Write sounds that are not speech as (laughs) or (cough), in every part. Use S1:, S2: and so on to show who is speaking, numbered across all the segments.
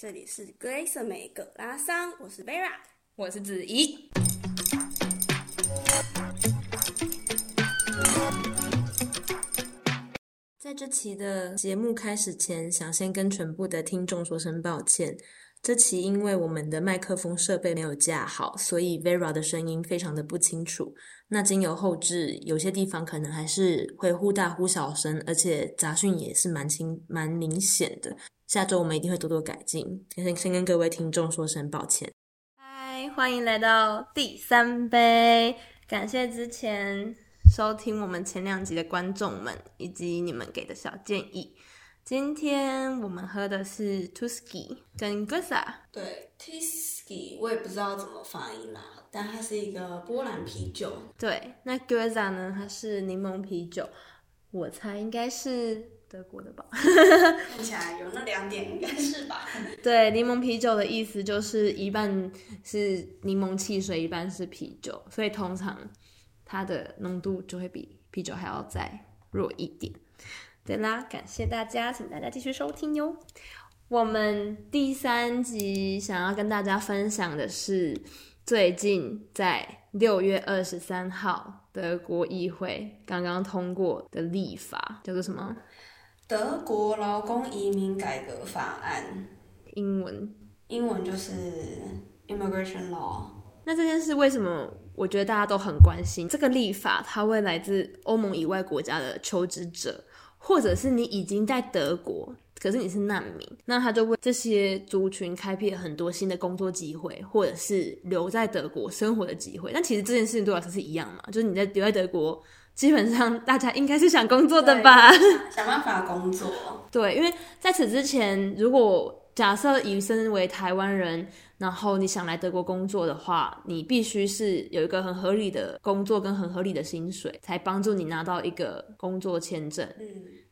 S1: 這裡是格蕾瑟美格拉桑，我是 Vera，我是子怡。
S2: 在這期的節目開始前，想先跟全部的聽眾說聲抱歉。這期因為我們的麥克風設備沒有架好，所以 Vera 的聲音非常的不清楚。那經由後製，有些地方可能還是會忽大忽小聲，而且雜訊也是蠻清蠻明顯的。下周我們一定會多多改進，先先跟各位聽眾說聲抱歉。嗨，歡迎來到第三杯，感謝之前收聽我們前兩集的觀眾們以及你們給的小建議。今天我們喝的是 Tyskie 跟 g u z a，
S1: 對，Tyskie 我也不知道怎麼發音啦，但它是一個波蘭啤酒。
S2: 對，那 g u z a 呢？它是檸檬啤酒。我猜應該是德國的吧？ (laughs) 看起來
S1: 有那兩點，應該是吧？
S2: (laughs) 對，檸檬啤酒的意思就是一半是檸檬汽水，一半是啤酒，所以通常它的濃度就會比啤酒還要再弱一點。對啦，感謝大家，請大家繼續收聽喲。我們第三集想要跟大家分享的是，最近在六月二十三號，德國議會剛剛通過的立法叫做、就是、什麼？
S1: 德國勞工移民改革法案，
S2: 英文
S1: 英文就是 Immigration Law。
S2: 那這件事為什麼我覺得大家都很關心？這個立法它會來自歐盟以外國家的求職者。或者是你已經在德國，可是你是難民，那他就為這些族群開闢了很多新的工作機會，或者是留在德國生活的機會。但其實這件事情，對我來說是一樣嘛，就是你在留在德國，基本上大家應該是想工作的吧，想
S1: 辦法工作。 (laughs)
S2: 對，因為在此之前，如果假設以身為台灣人。然後你想來德國工作的話，你必須是有一個很合理的工作跟很合理的薪水，才幫助你拿到一個工作簽證。嗯，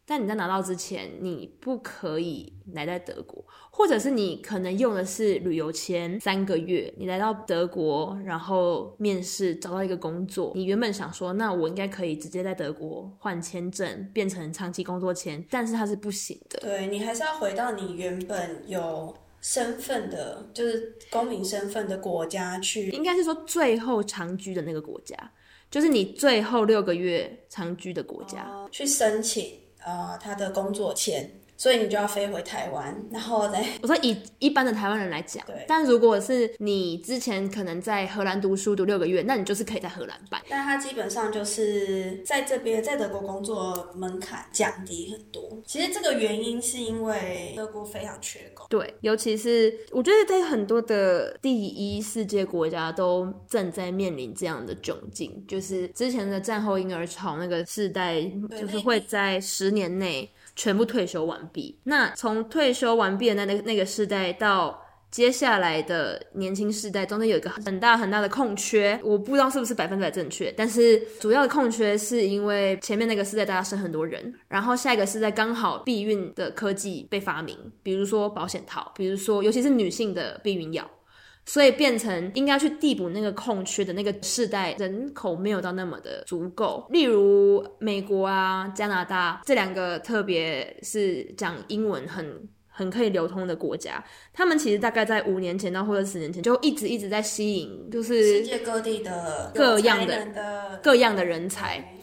S2: 但你在拿到之前，你不可以來在德國，或者是你可能用的是旅遊簽三個月，你來到德國，然後面試找到一個工作，你原本想說，那我應該可以直接在德國換簽證，變成長期工作簽，但是它是不行的。
S1: 對，你還是要回到你原本有。
S2: 身份的，就是公民身份的國家去，應該是說最後長居的那個國家，就是你最後六個月長居的國家，呃，去
S1: 申請啊，呃，他的工作簽。所以你就要飛回台灣，然後
S2: 呢，我說以一般的台灣人來講，對。但如果是你之前可能在荷蘭讀書讀六個月，那你就是可以在荷蘭辦。
S1: 但它基本上就是在這邊，在德國工作
S2: 門檻降低很
S1: 多。其實這個原因是因為德國非常缺
S2: 工，對。尤其是我覺得在很多的第一世界國家都正在面臨這樣的窘境，就是之前的戰後嬰兒潮那個世代，就是會在十年內。全部退休完畢。那從退休完畢的那那個那個世代到接下來的年輕世代，中間有一個很大很大的空缺。我不知道是不是百分之百正確，但是主要的空缺是因為前面那個世代大家生很多人，然後下一個世代剛好避孕的科技被發明，比如說保險套，比如說尤其是女性的避孕藥。所以變成應該去遞補那個空缺的那個世代人口沒有到那麼的足夠，例如美國啊、加拿大這兩個，特別是講英文很很可以流通的國家，他們其實大概在五年前到或者十年前就一直一直在吸引，就是世界各地的各樣的各樣的人才。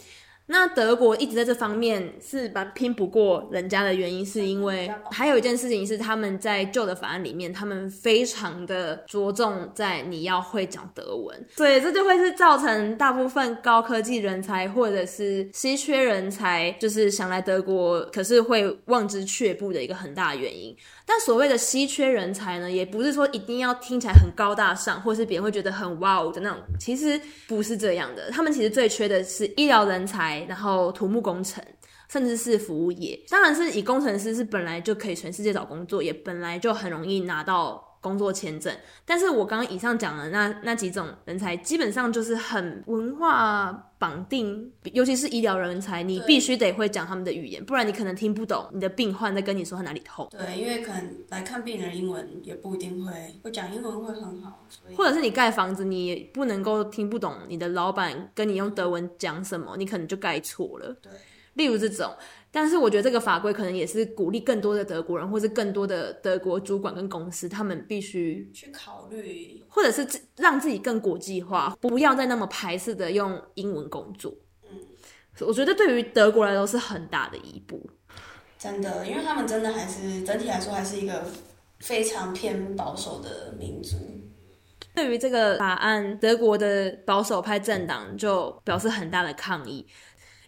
S2: 那德國一直在這方面是把拼不過人家的原因，是因為還有一件事情是他們在舊的法案裡面，他們非常的着重在你要會講德文，對，這就會是造成大部分高科技人才或者是稀缺人才，就是想來德國可是會望之卻步的一個很大原因。但所謂的稀缺人才呢，也不是說一定要聽起來很高大上，或是別人會覺得很哇哦的那種，其實不是這樣的。他們其實最缺的是醫療人才。然後土木工程，甚至是服務業，當然是以工程師是本來就可以全世界找工作，也本來就很容易拿到工作簽證，但是我剛剛以上講的那那幾種人才，基本上就是很文化綁定，尤其是醫療人才，你必須得會講他們的語言，對不然你可能聽不懂你的病患在跟你說他哪裡痛。對，因為可能來
S1: 看病的英
S2: 文也不一定會，我講英文會很好，所以或者是你蓋房子，你也不能夠聽不懂你的老闆跟你用德文講什麼，你可能就蓋錯了。對，例如這種。但是我覺得這個法規可能也是鼓勵更多的德國人，或是更多的德國主管跟公司，他們必須去考
S1: 慮，
S2: 或者是讓自己更國際化，不要再那麼排斥的用英文工
S1: 作。
S2: 嗯，我覺得對於德國來說是很大的一步。
S1: 真的，因為他們真的還是整體來說還是一個非常偏保守的民族。
S2: 對於這個法案，德國的保守派政黨就表示很大的抗議。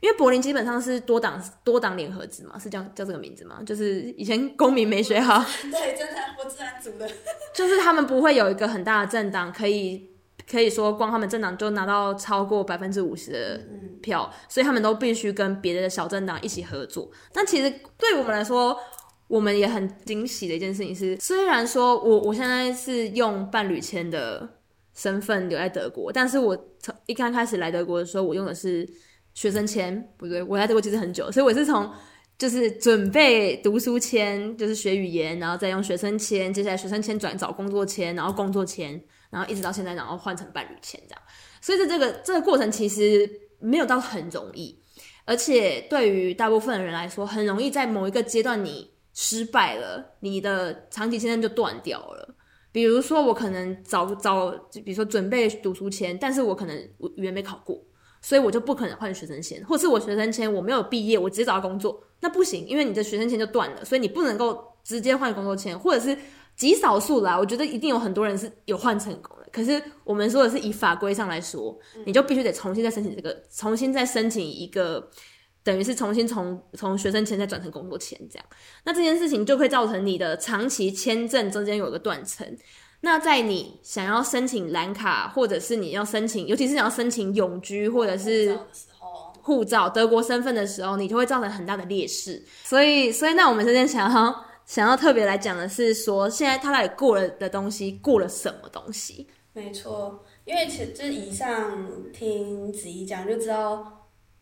S2: 因為柏林基本上是多黨多黨聯合制嘛，是叫叫這個名字嘛，就是以前公民沒學好，對，就
S1: 是我自然組
S2: 的，的就是他們不會有一個很大的政黨可以可以說光他們政黨就拿到超過百分之五十的票，嗯嗯所以他們都必須跟別的小政黨一起合作。但其實對我們來說，我們也很驚喜的一件事情是，雖然說我我現在是用伴侶簽的身份留在德國，但是我從一剛開始來德國的時候，我用的是。學生簽不對，我來德國其實很久，所以我是從就是準備讀書簽，就是學語言，然後再用學生簽，接下來學生簽轉找工作簽，然後工作簽，然後一直到現在，然後換成伴侶簽這樣。所以在這個這個過程其實沒有到很容易，而且對於大部分的人來說，很容易在某一個階段你失敗了，你的長期簽證就斷掉了。比如說我可能找找，比如說準備讀書簽，但是我可能語言沒考過。所以我就不可能換學生簽，或是我學生簽我沒有畢業，我直接找到工作，那不行，因為你的學生簽就斷了，所以你不能夠直接換工作簽，或者是極少數啦。我覺得一定有很多人是有換成功的，可是我們說的是以法規上來說，你就必須得重新再申請這個，嗯、重新再申請一個，等於是重新從從學生簽再轉成工作簽這樣，那這件事情就會造成你的長期簽證中間有一個斷層。那在你想要申請藍卡，或者是你要申請，尤其是想要申請永居或者是護照、德國身份的時候，你就會造成很大的劣勢。所以，所以那我們今天想要想要特別來講的是說，現在他到底過了的東西，過了什麼東西？
S1: 沒錯，因為其實就是以上聽子怡講就知道。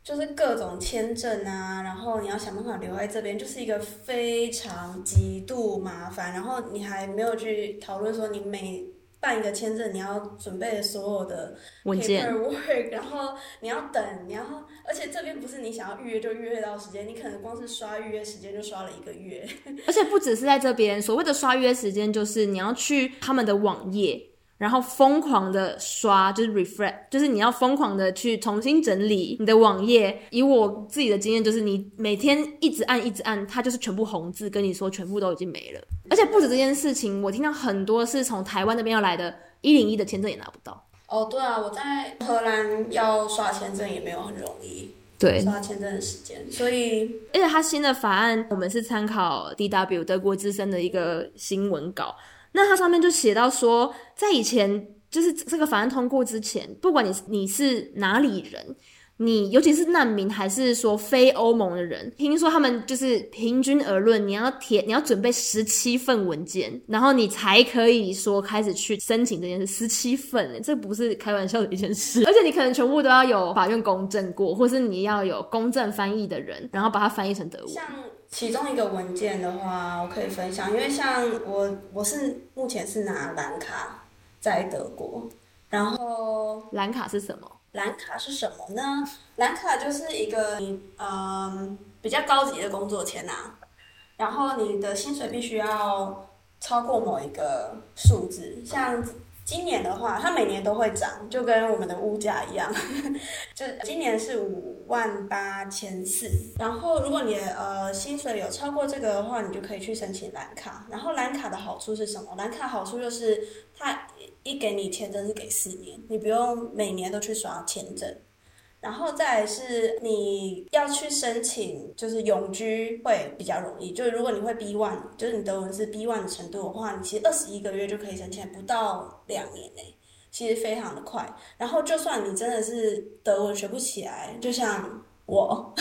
S1: 就是各種簽證啊，然後你要想辦法留在這邊，就是一個非常極度麻煩。然後你還沒有去討論說你每辦一個簽證，你要準備所有的 paperwork，文件，然後你要等，然後而且這邊不是你想要預約就預約到時間，你可能光是刷預約時間就刷了一個月。
S2: 而且不只是在這邊，所謂的刷預約時間就是你要去他們的網頁。然後瘋狂的刷，就是 refresh，就是你要瘋狂的去重新整理你的網頁。以我自己的經驗，就是你每天一直按，一直按，它就是全部紅字跟你說全部都已經沒了。而且不止這件事情，我聽到很多是從台灣那邊要來的，一零一的簽證也拿不到。哦，oh, 對啊，我
S1: 在荷蘭要刷簽證也沒有很容易，對，刷簽證的時
S2: 間。對所以，而且它新的法案，我們是參考 DW 德國之聲的一個新聞稿。那它上面就寫到說，在以前就是這個法案通過之前，不管你你是哪裡人，你尤其是難民還是說非歐盟的人，聽說他們就是平均而論，你要填你要準備十七份文件，然後你才可以說開始去申請這件事。十七份，這不是開玩笑的一件事，而且你可能全部都要有法院公證過，或是你要有公證翻譯的人，然後把它翻譯成德文。其中一個文件的
S1: 話，我可以分享，因為像我，我是目前是拿藍卡在德國，
S2: 然後藍卡是什麼？
S1: 藍卡是什麼呢？藍卡就是一個嗯比較高級的工作簽吶啊，然後你的薪水必須要超過某一個數字，像。今年的話，它每年都會漲，就跟我們的物價一樣呵呵。就今年是五萬八千四。然後，如果你的呃薪水有超過這個的話，你就可以去申請藍卡。然後，藍卡的好處是什麼？藍卡好處就是它一給你簽證是給四年，你不用每年都去刷簽證。然後再來是你要去申請，就是永居會比較容易。就是如果你會 B1，就是你德文是 B1 的程度的話，你其實二十一個月就可以申請，不到兩年呢、欸，其實非常的快。然後就算你真的是德文學不起來，就像我，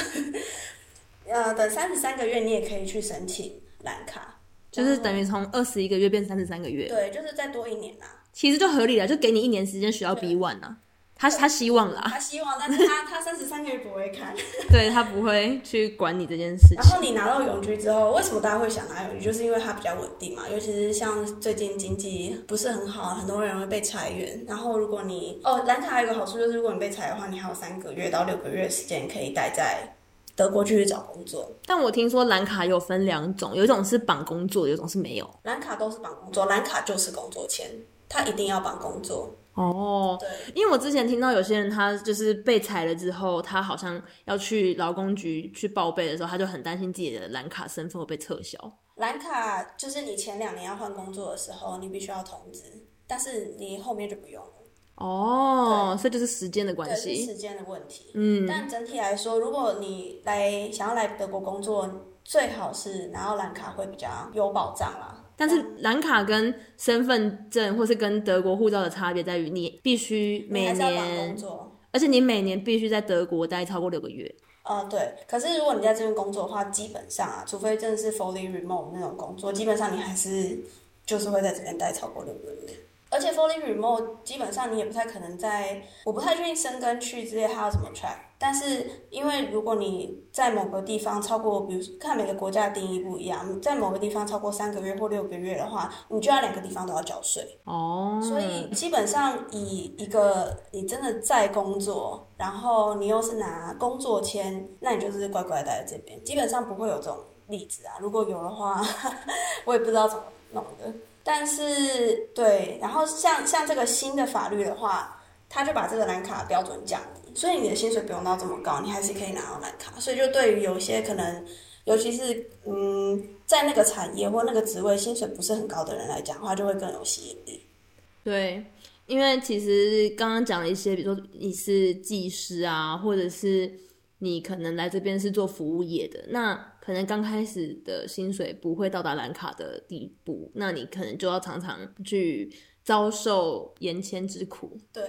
S1: 呃， (laughs) 等三十三個月你也可以去申請藍
S2: 卡，就是等於從二十一個月變三十三個月，對，
S1: 就是再多一年啦、
S2: 啊。其實就合理了，就給你一年時間學到 B1 啊。他他希望啦，他
S1: 希望，但是他他三十三個月不會看，
S2: (laughs) 對，他不會去管你這件事情。然後你拿到永居之
S1: 後，為什麼大家會想拿永居？就是因為它比較穩定嘛，尤其是像最近經濟不是很好，很多人會被裁員。然後如果你哦，藍卡還有一個好處就是，如果你被裁的話，你還有三個月到六個月時間可以待在
S2: 德國繼續找工作。但我聽說藍卡有分兩種，有一種是綁工作，有一種是沒有。
S1: 藍卡都是綁工作，藍卡就是工作簽，他一定要綁工作。
S2: 哦，oh, 對，因為我之前聽到有些人他就是被裁了之後，他好像要去勞工局去報備的時候，他就很擔心自己的藍卡身份會被撤銷。
S1: 藍卡就是你前兩年要換工作的時候，你必須要通知，但是你後面就不用
S2: 了。哦，oh, 對，所以就是時間的關係，對，
S1: 時間的問題。嗯，但整體來說，如果你來想要來德國工作，最好是拿到藍卡會比較有保障啦。
S2: 但是藍卡跟身份證或是跟德國護照的差別在於，你必須每年要工作，而且你每年必須在德國待超過六個月。
S1: 啊、嗯，對。可是如果你在這邊工作的話，基本上啊，除非真的是 fully remote 那種工作，基本上你還是就是會在這邊待超過六個月。而且，Fully Remote 基本上你也不太可能在，我不太確定申根區之類它要怎麼 check，但是因為如果你在某個地方超過，比如看每個國家定義不一樣，你在某個地方超過三個月或六個月的話，你就要兩個地方都要繳稅。
S2: 哦。Oh. 所以，
S1: 基本上以一個你真的在工作，然後你又是拿工作簽，那你就是乖乖待在這邊，基本上不會有這種例子啊。如果有的話， (laughs) 我也不知道怎麼弄的。但是，對，然後像像這個新的法律的話，他就把這個藍卡標準降低，所以你的薪水不用到這麼高，你還是可以拿到藍卡。所以就對於有些可能，尤其是嗯，在那個產業或那個職位薪水不是很高的人來講的話，就會更有吸引
S2: 力。對，因為其實剛剛講了一些，比如說你是技師啊，或者是。你可能來這邊是做服務業的，那可能剛開始的薪水不會到達藍卡的地步，那你可能就要常常去遭受延簽之苦。對，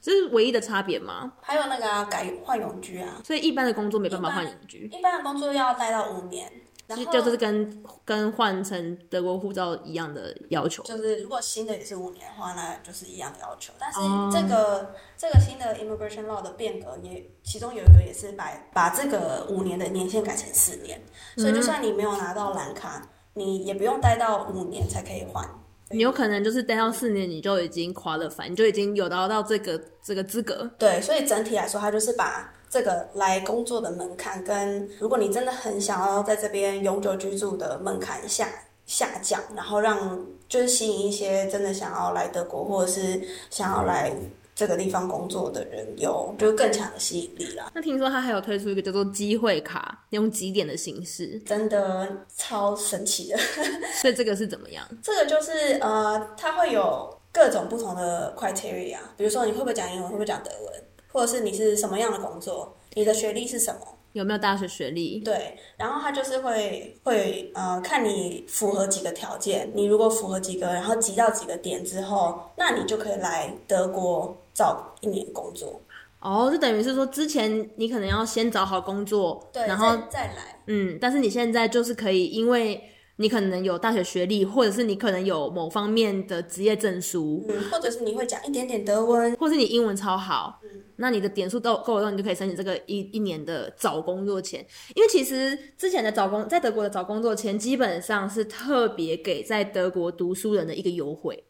S2: 這是唯一的差別嗎？
S1: 還有那個要改換永居啊，
S2: 所以一般的工作沒辦法換永居。一
S1: 般，一般的工作要待到五年。
S2: 然後就，就是跟跟換成德國護照一樣的要求，就
S1: 是如果新的也是五年的話呢，那就是一樣的要求。但是這個、嗯、這個新的 Immigration Law 的變革也，也其中有一個也是把把這個五年的年限改成四年，所以就算你沒有拿到藍卡，你也不用待到五年才可以換，
S2: 你有可能就是待到四年你就已經跨了，反正就已經有得到這個這個資格。對，所以整體來說，它就是把。
S1: 這個來工作的門檻跟如果你真的很想要在這邊永久居住的門檻下下降，然後讓就是吸引一些真的想要來德國或者是想要來這個地方工作的人有就更強的吸引
S2: 力了。那聽說他還有推出一個叫做機會卡，用積點的形式，真的超神奇的。 (laughs) 所以這個是怎麼樣？這個就
S1: 是呃，它會有各種不同的 criteria，比如說你會不會講英文，會不會講德文。或者是你是什麼樣的工作？你的學歷是
S2: 什麼？有沒有大學學歷？
S1: 對，然後他就是會會呃，看你符合幾個條件。你如果符合幾個，然後集到幾個點之後，那你就可以來德國找一年
S2: 工作。哦，就等於是說，之前你可能要先找好工作，對，然後再,再來。嗯，但是你現在就是可以，因為。你可能有大學學歷，或者是你可能有某方面的職業證書，嗯，或者是你會講一點點德文，或是你英文超好，嗯。那你的點數都夠了，你就可以申請這個一一年的找工作錢。因為其實之前的找工，在德國的找工作錢，基本上是特別給在德國讀書人的一個優惠。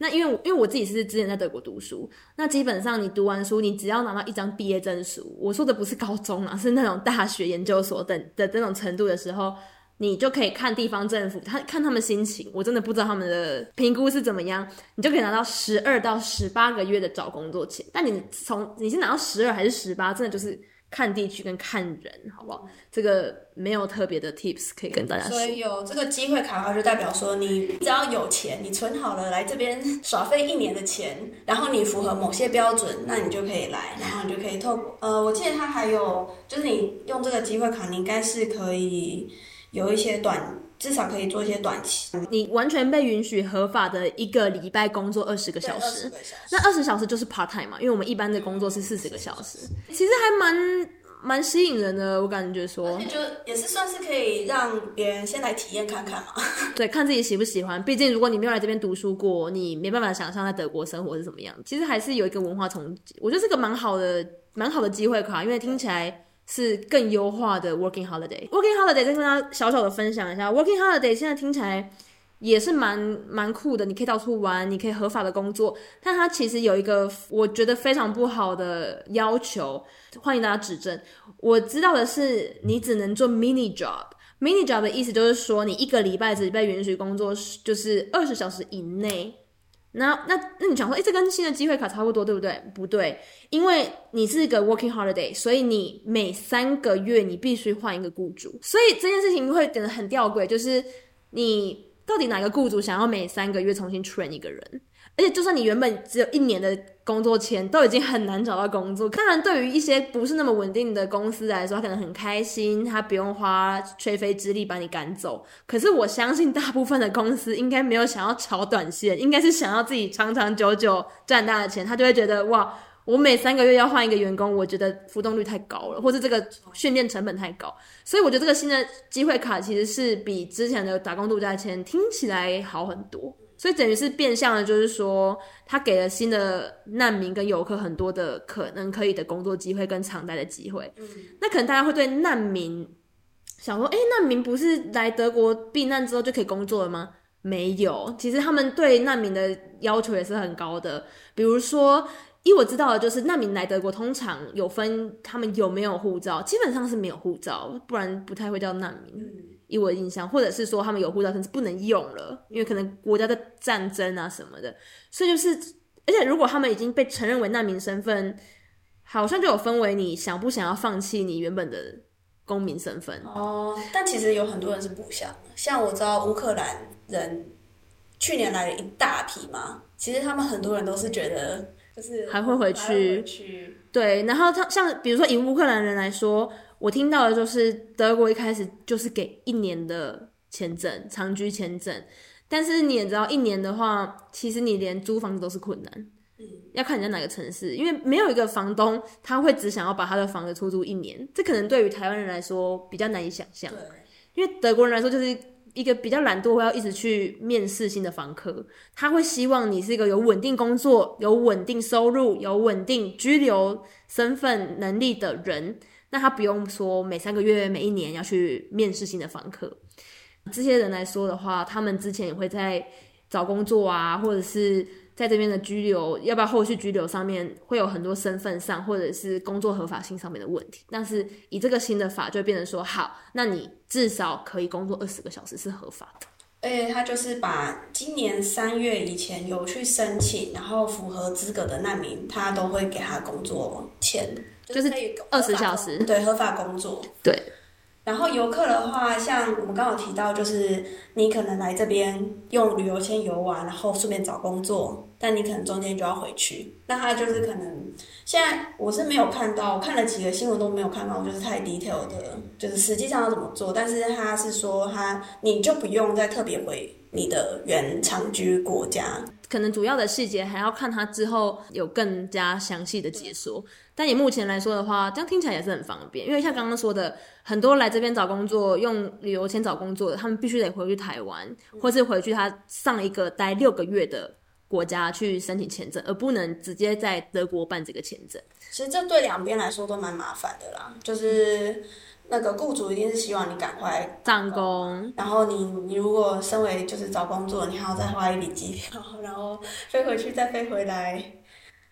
S2: 那因為因為我自己是之前在德國讀書，那基本上你讀完書，你只要拿到一張畢業證書，我說的不是高中啊，是那種大學、研究所等的這種程度的時候。你就可以看地方政府，他看他們心情，我真的不知道他們的評估是怎麼樣。你就可以拿到十二到十八個月的找工作錢，但你從你先拿到十二還是十八，真的就是看地區跟看人，好不好？這個沒有特別的 tips 可以跟大家說。所
S1: 以有這個機會卡的話，就代表說你只要有錢，你存好了來這邊耍費一年的錢，然後你符合某些標準，那你就可以來，然後你就可以透過呃，我記得他還有就是你用這個機會卡，你應該是可以。有一些短，至少可以做一些
S2: 短期。你完全被允許合法的一個禮拜工作二十個小時，20個小時。那二十小時就是 part time 嘛，因為我們一般的工作是四十個小時。其實還蠻蠻吸引人的，我感覺說，就也是算
S1: 是可以讓別人先來體驗看看嘛。
S2: 對，看自己喜不喜歡。畢竟如果你沒有來這邊讀書過，你沒辦法想象在德國生活是什麼樣。其實還是有一個文化衝擊，我覺得是個蠻好的蠻好的機會卡，因為聽起來。嗯是更優化的 Working Holiday。Working Holiday 再跟大家小小的分享一下，Working Holiday 現在聽起來也是蠻蠻酷的，你可以到處玩，你可以合法的工作，但它其實有一個我覺得非常不好的要求，歡迎大家指正。我知道的是，你只能做 mini job。mini job 的意思就是說，你一個禮拜只被允許工作，就是二十小時以內。那那那，那你想說，誒，這跟新的機會卡差不多，對不對？不對，因為你是一個 working holiday，所以你每三個月你必須換一個僱主，所以這件事情會變得很吊詭，就是你到底哪個僱主想要每三個月重新 train 一個人？而且，就算你原本只有一年的工作簽，都已經很難找到工作。當然，對於一些不是那麼穩定的公司來說，他可能很開心，他不用花吹灰之力把你趕走。可是，我相信大部分的公司應該沒有想要炒短線，應該是想要自己長長久久賺大的錢。他就會覺得，哇，我每三個月要換一個員工，我覺得浮動率太高了，或是這個訓練成本太高。所以，我覺得這個新的機會卡其實是比之前的打工度假簽聽起來好很多。所以等於是變相的，就是說，他給了新的難民跟遊客很多的可能可以的工作機會跟常待的機會。那可能大家會對難民想說，誒、欸，難民不是來德國避難之後就可以工作了嗎？沒有，其實他們對難民的要求也是很高的。比如說，依我知道的就是，難民來德國通常有分他們有沒有護照，基本上是沒有護照，不然不太會叫難民。以我的印象，或者是說他們有護照，甚至不能用了，因為可能國家的戰爭啊什麼的，所以就是，而且如果他們已經被承認為難民身份，好像就有分為你想不想要放棄你原本的公民身份哦。
S1: 但其實有很多人是不想，嗯、像我知道烏克蘭人去年來了一大批嘛，其實他們很多人都是覺得就是、嗯嗯、還會回去，回去，
S2: 對。然後他像比如說以烏克蘭人來說。我聽到的就是德國一開始就是給一年的簽證，長居簽證。但是你也知道，一年的話，其實你連租房子都是困難。嗯。要看你在哪個城市，因為沒有一個房東他會只想要把他的房子出租一年。這可能對於台灣人來說比較難以想象。對。因為德國人來說，就是一個比較懶惰，會要一直去面試新的房客。他會希望你是一個有穩定工作、有穩定收入、有穩定居留身份能力的人。那他不用說每三個月，每一年要去面試新的房客。這些人來說的話，他們之前也會在找工作啊，或者是在這邊的居留，要不要後續居留上面會有很多身份上或者是工作合法性上面的問題。但是以這個新的法，就變成說，好，那你至少可以工作二十個小時是合法的。
S1: 誒，他就是把今年三月以前有去申請，然後符合資格的難民，他都會給他工作簽，就是可以二十小時，對，合法工作，對。然後遊客的話，像我們剛好提到，就是你可能來這邊用旅遊簽遊玩啊，然後順便找工作，但你可能中間就要回去。那他就是可能現在我是沒有看到，看了幾個新聞都沒有看到，就是太 detail 的，就是實際上要怎麼做。但是他是說他你就不用再特別回你的原常居
S2: 國家。可能主要的細節還要看他之後，有更加詳細的解說。但以目前來說的話，這樣聽起來也是很方便，因為像剛剛說的，很多來這邊找工作，用旅遊簽找工作的，他們必須得回去台灣，或是回去他上一個待六個月的國家去申請簽證，而不能直接在德國辦這個簽證。
S1: 其實這對兩邊來說都蠻麻煩的啦，就是那個僱主一定是希望你趕快上工，上工然後你，你如果身為就是找工作，你還要再花一筆機票，然後飛回
S2: 去再飛回來。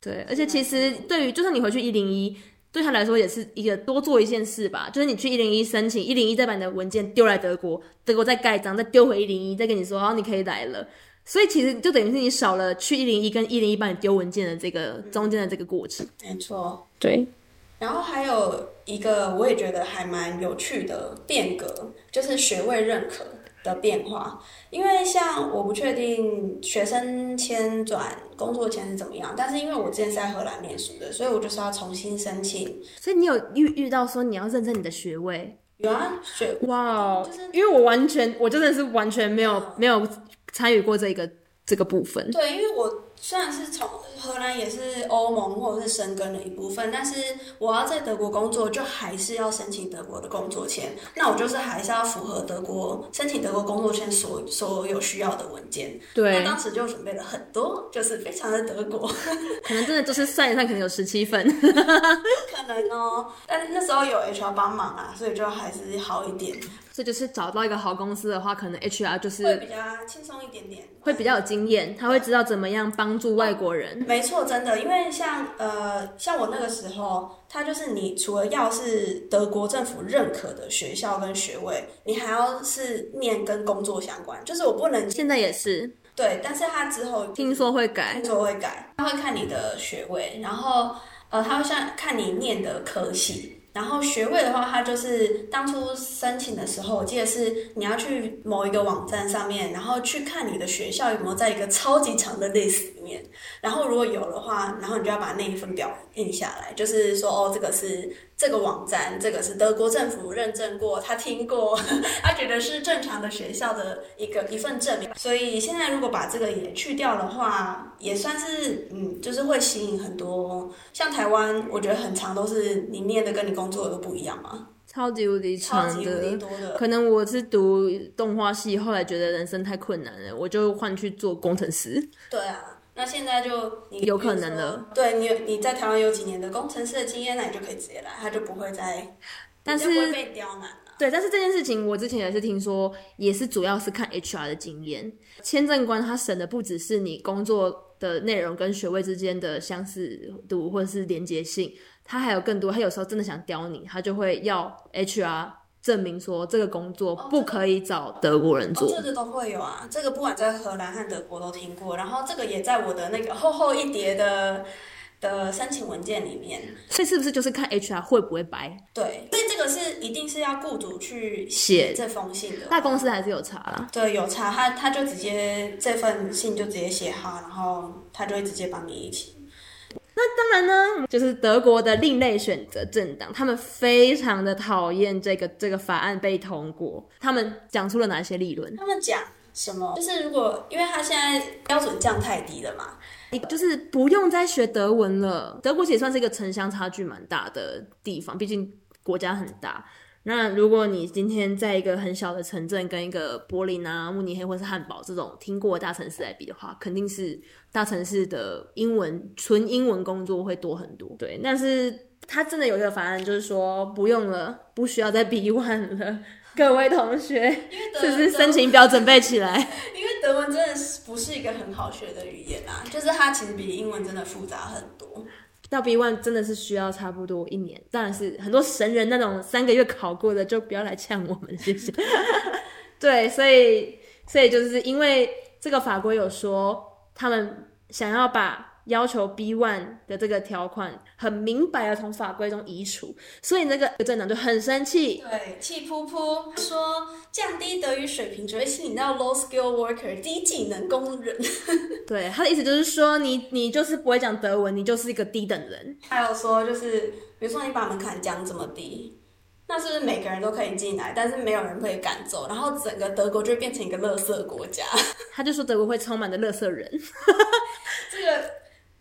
S2: 對，而且其實對於就算你回去一零一，對他來說也是一個多做一件事吧，就是你去一零一申請，一零一再把你的文件丟來德國，德國再蓋章，再丟回一零一，再跟你說，然後，啊，你可以來了。所以其實就等於是你少了去一零一跟一零一幫你丟文件的這個中間的這個過程，嗯、沒錯。對，
S1: 然後還有一個我也覺得還蠻有趣的變革，就是學位認可的變化。因為像我不確定學生簽轉工作前是怎麼樣，但是因為我之前是在荷蘭念書的，所以我就
S2: 是要重新申請。所以你有遇遇到說你要認證你的學位？有啊，學位，wow, 就是因為我完全，我真的是完全沒有、uh, 沒有。參與過這個這個部分，
S1: 對，因為我算是從荷蘭也是歐盟或者是申根的一部分，但是我要在德國工作，就還是要申請德國的工作簽。那我就是還是要符合德國申請德國工作簽所所有需要的文件。對，當時就準備了很多，就是非常的德國，
S2: 可能真的就是算一算，可能有十七份。
S1: (laughs) 可能哦，但是那時候有 HR 幫忙啊，所以就還是好一點。
S2: 這就是找到一個好公司的話，可能 HR 就是會比較輕鬆一點點，會比較有經驗，他會知道怎麼樣幫助外國人。
S1: 沒錯，真的，因為像呃，像我那個時候，他就是你除了要是德國政府認可的學校跟學位，你還要是念跟工作相關，就
S2: 是我不能現在也是
S1: 對，但是他之後
S2: 聽說會改，聽說會
S1: 改，他會看你的學位，然後呃，他會像看你念的科系，然後學位的話，他就是當初申請的時候，我記得是你要去某一個網站上面，然後去看你的學校有沒有在一個超級長的 list。然後如果有的話，然後你就要把那一份表印下來，就是說哦，這個是這個網站，這個是德國政府認證過，他聽過，他覺得是正常的學校的一個一份證明。所以現在如果把這個也去掉的話，也算是嗯，就是會吸引很多。像台灣，我覺得很常都是你念的跟你工作的都不一樣嘛，
S2: 超級無敵常的，的可能我是讀動畫系，後來覺得人生太困難了，我就換去做工程師。對
S1: 啊。那現在就有可能了。對你，你在台灣有幾年的工程師的經驗，那你就可以直接來，他
S2: 就不會再，但是就會被刁難了。對，但是這件事情我之前也是聽說，也是主要是看 HR 的經驗。簽證官他審的不只是你工作的內容跟學位之間的相似度或者是連結性，他還有更多。他有時候真的想刁你，他就會要 HR 證明說這個工作不可以找德國人做，哦這個哦、這個都
S1: 會有啊，這個不管在荷蘭和德國都聽過，然後這個也在我的那個厚厚一疊的的申請文件裡面。
S2: 所以是不是就是看 HR 會不會白？
S1: 對，所以這個是一定是要雇主去寫這封信
S2: 的。那公司還是有查啦。啊？對，有查，
S1: 他他就直接這份信就直接寫好，然後他就會直接幫你一起。
S2: 那當然呢，就是德國的另類選擇政黨，他們非常的討厭這個這個法案被通過。他們講出了哪些理論？他
S1: 們講什麼？就是如果，因為他現在標準降太低了嘛，
S2: 你就是不用再學德文了。德國其實也算是一個城鄉差距蠻大的地方，畢竟國家很大。那如果你今天在一個很小的城鎮，跟一個柏林啊、慕尼黑或是漢堡這種聽過的大城市來比的話，肯定是大城市的英文純英文工作會多很多。對，但是他真的有一個法案，就是說不用了，不需要再比一萬了，各位同學，就 (laughs) 是，是申請表準備起來。因為
S1: 德文真的是不是一個很好學的語言啊，就是它其實比英文真的複雜很多。
S2: 到 B One 真的是需要差不多一年。當然是很多神人那種三個月考過的就不要來嗆我們，是不是？ (laughs) (laughs) 對，所以所以就是因為這個法規有說，他們想要把。要求 B1 的這個條款很明白的從法規中移除，所以那個政黨就很生氣，對，
S1: 氣噗噗說降低德語水平只會吸引到 low skill worker 低技能工人。
S2: (laughs) 對，他的意思就是說你你就是不會講德文，你就是一個低等人。
S1: 還有說就是，比如說你把門檻降這麼低，那是不是每個人都可以進來，但是沒有人可以趕走，然後整個德國就會變成一個垃圾國家。
S2: 他 (laughs) 就說德國會充滿的垃圾人。
S1: (laughs) 這個。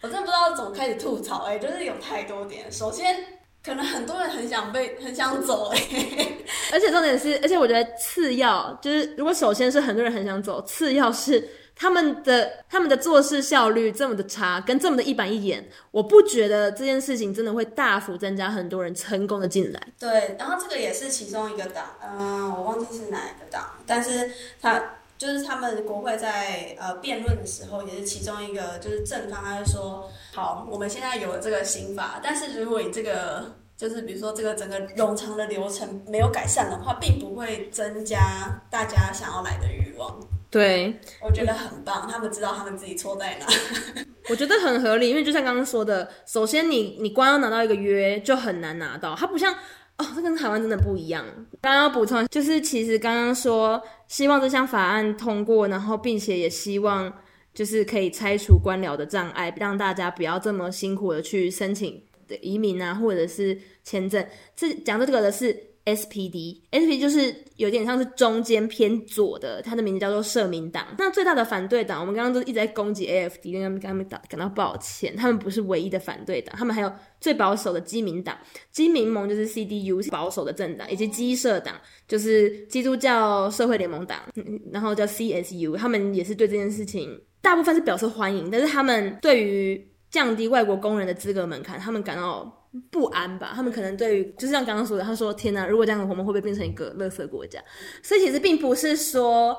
S1: 我真不知道怎麼開始吐槽欸，就是有太多點。首先，可能很多人很想被很想走
S2: 欸，而且重點是，而且我覺得次要就是，如果首先是很多人很想走，次要是他們的他們的做事效率這麼的差，跟這麼的一板一眼，我不覺得這件事情真的會大幅增加很多人成功的進來。
S1: 對，然後這個也是其中一個檔，呃，我忘記是哪一個檔，但是他。就是他們國會在呃辯論的時候，也是其中一個就是正方，他就說：好，我們現在有了這個新法，但是如果你這個就是比如說這個整個冗長的流程沒有改善的話，並不會增加大家想要來的慾望。
S2: 對，我覺得很
S1: 棒，他們知道他們自己錯在哪。
S2: (laughs) 我覺得很合理，因為就像剛剛說的，首先你你光要拿到一個約就很難拿到，它不像哦，這跟台灣真的不一樣。剛剛補充就是，其實剛剛說。希望這項法案通過，然後並且也希望就是可以拆除官僚的障礙，讓大家不要這麼辛苦的去申請移民啊，或者是簽證。這講這個的是。SPD，SPD 就是有點像是中間偏左的，它的名字叫做社民黨。那最大的反對黨，我們剛剛都一直在攻擊 AFD，跟他們跟他們感到抱歉。他們不是唯一的反對黨，他們還有最保守的基民黨，基民盟就是 CDU，保守的政黨，以及基社黨，就是基督教社會聯盟黨，嗯，然後叫 CSU。他們也是對這件事情大部分是表示歡迎，但是他們對於降低外國工人的資格門檻，他們感到。不安吧，他們可能對於就是像剛剛說的，他說天吶、啊，如果這樣，我們會不會變成一個樂色國家？所以其實並不是說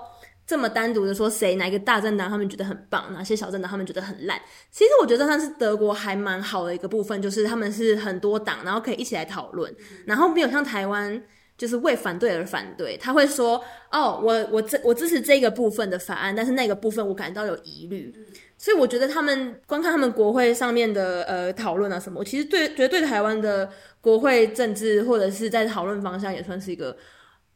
S2: 這麼單獨的說誰哪一個大政黨他們覺得很棒，哪些小政黨他們覺得很爛。其實我覺得算是德國還蠻好的一個部分，就是他們是很多黨，然後可以一起來討論，然後沒有像台灣就是為反對而反對，他會說哦，我我這我支持這個部分的法案，但是那個部分我感覺到有疑慮。所以我覺得他們觀看他們國會上面的呃討論啊、什麼，我其實對覺得對台灣的國會政治或者是在討論方向也算是一個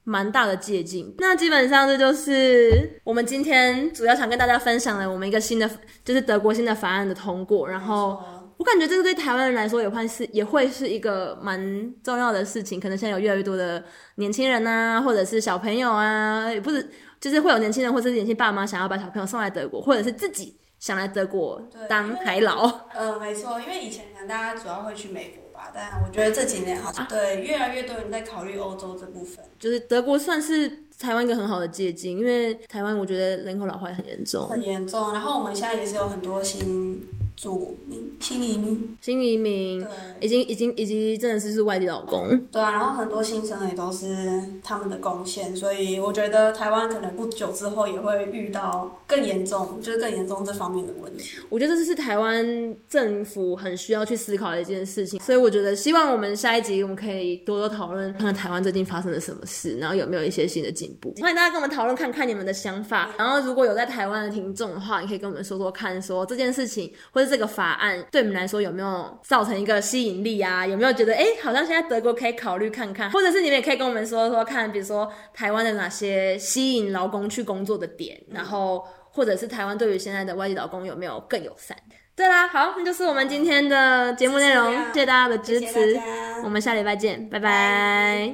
S2: 蠻大的借鏡。那基本上這就是我們今天主要想跟大家分享的，我們一個新的就是德國新的法案的通過。然後我感覺這個對台灣人來說也會是也會是一個蠻重要的事情。可能現在有越來越多的年輕人啊，或者是小朋友啊，也不是就是會有年輕人或者是年輕爸媽想要把小朋友送來德國，或者是自己。想來德國當海老？嗯、呃，
S1: 沒錯，因為以前可能大家主要會去美國吧，
S2: 但我覺得這幾年
S1: 好像、啊、對，越來越多人在考慮歐洲這部分。
S2: 就是德國算是台灣一個很好的借鏡，因為台灣我覺得人口老化很嚴重，很嚴重。然後我們現在也是有
S1: 很多新。
S2: 祖，新移民，新移民，對已經已經已經真的是是外地老公，嗯、
S1: 對啊，然後很多新生也都是他們的貢獻，所以我覺得台灣可能不久之後也會遇到更嚴重，就是更嚴
S2: 重這方面的問題。我覺得這是台灣政府很需要去思考的一件事情，所以我覺得希望我們下一集我們可以多多討論，看看台灣最近發生了什麼事，然後有沒有一些新的進步。歡迎大家跟我們討論，看看你們的想法。然後如果有在台灣的聽眾的話，你可以跟我們說說看，說這件事情或者。這個法案對你們來說有沒有造成一個吸引力啊？有沒有覺得哎，好像現在德國可以考慮看看，或者是你們也可以跟我們說說看，比如說台灣的哪些吸引勞工去工作的點，嗯、然後或者是台灣對於現在的外籍勞工有沒有更友善？對啦，好，那就是我們今天的節目內容，謝謝，啊、謝謝大家的支持，謝謝。我們下禮拜見，拜拜。拜拜。